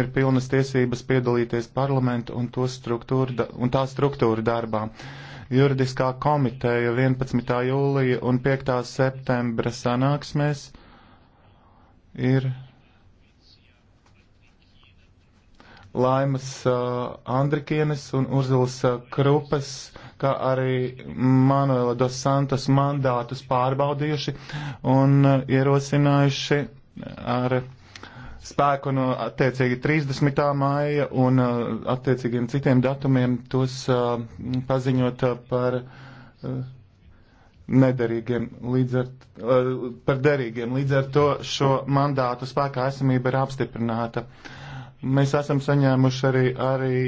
ir pilnas tiesības piedalīties parlamentu un, struktūra, un tā struktūra darbā. Juridiskā komiteja 11. jūlija un 5. septembra sanāksmēs ir Laimas uh, Andrikienes un Urzulas uh, Krupas, kā arī Manuela dos Santos mandātus pārbaudījuši un uh, ierosinājuši ar. Uh, spēku no attiecīgi 30. māja un uh, attiecīgiem citiem datumiem tos uh, paziņot uh, par nederīgiem līdz ar, par derīgiem. Līdz ar to šo mandātu spēkā esamība ir apstiprināta. Mēs esam saņēmuši arī, arī